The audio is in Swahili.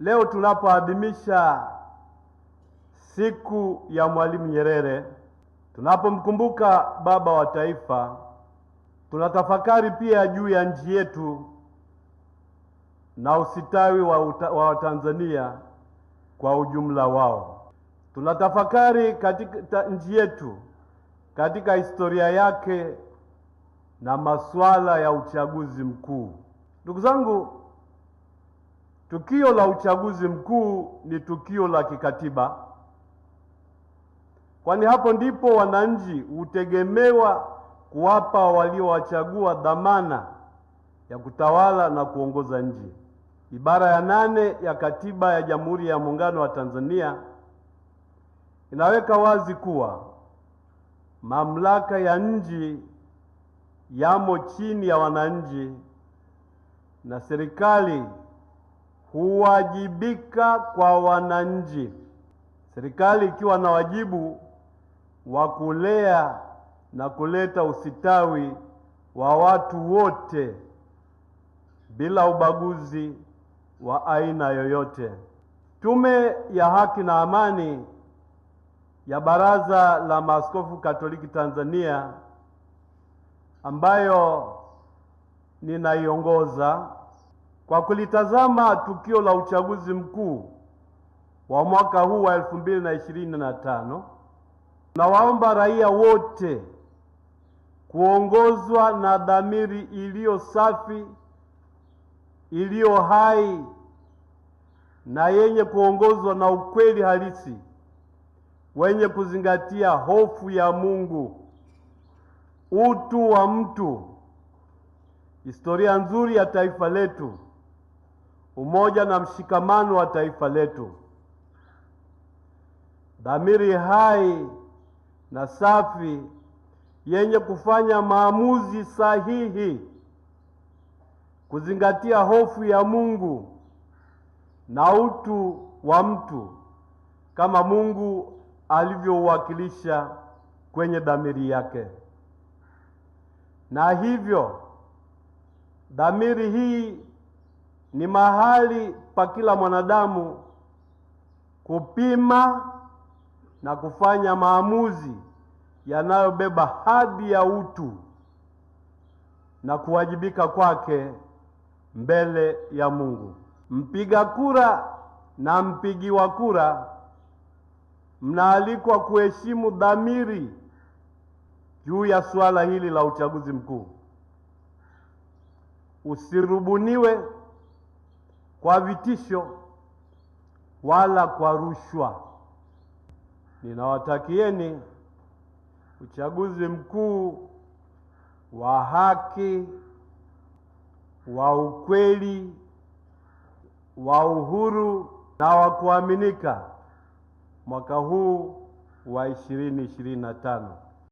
Leo tunapoadhimisha siku ya Mwalimu Nyerere, tunapomkumbuka baba wa taifa, tunatafakari pia juu ya nchi yetu na usitawi wa Watanzania kwa ujumla wao. Tunatafakari katika nchi yetu, katika historia yake na masuala ya uchaguzi mkuu. Ndugu zangu, Tukio la uchaguzi mkuu ni tukio la kikatiba, kwani hapo ndipo wananchi hutegemewa kuwapa waliowachagua dhamana ya kutawala na kuongoza nchi. Ibara ya nane ya Katiba ya Jamhuri ya Muungano wa Tanzania inaweka wazi kuwa mamlaka ya nchi yamo chini ya wananchi na serikali huwajibika kwa wananchi, serikali ikiwa na wajibu wa kulea na kuleta usitawi wa watu wote bila ubaguzi wa aina yoyote. Tume ya Haki na Amani ya Baraza la Maaskofu Katoliki Tanzania ambayo ninaiongoza kwa kulitazama tukio la uchaguzi mkuu wa mwaka huu wa 2025, nawaomba raia wote kuongozwa na dhamiri iliyo safi, iliyo hai na yenye kuongozwa na ukweli halisi wenye kuzingatia hofu ya Mungu, utu wa mtu, historia nzuri ya taifa letu umoja na mshikamano wa taifa letu. Dhamiri hai na safi yenye kufanya maamuzi sahihi, kuzingatia hofu ya Mungu na utu wa mtu kama Mungu alivyouwakilisha kwenye dhamiri yake. Na hivyo dhamiri hii ni mahali pa kila mwanadamu kupima na kufanya maamuzi yanayobeba hadhi ya utu na kuwajibika kwake mbele ya Mungu. Mpiga kura na mpigiwa kura mnaalikwa kuheshimu dhamiri juu ya suala hili la uchaguzi mkuu. Usirubuniwe kwa vitisho wala kwa rushwa. Ninawatakieni uchaguzi mkuu wa haki, wa ukweli, wa uhuru na wa kuaminika mwaka huu wa 2025.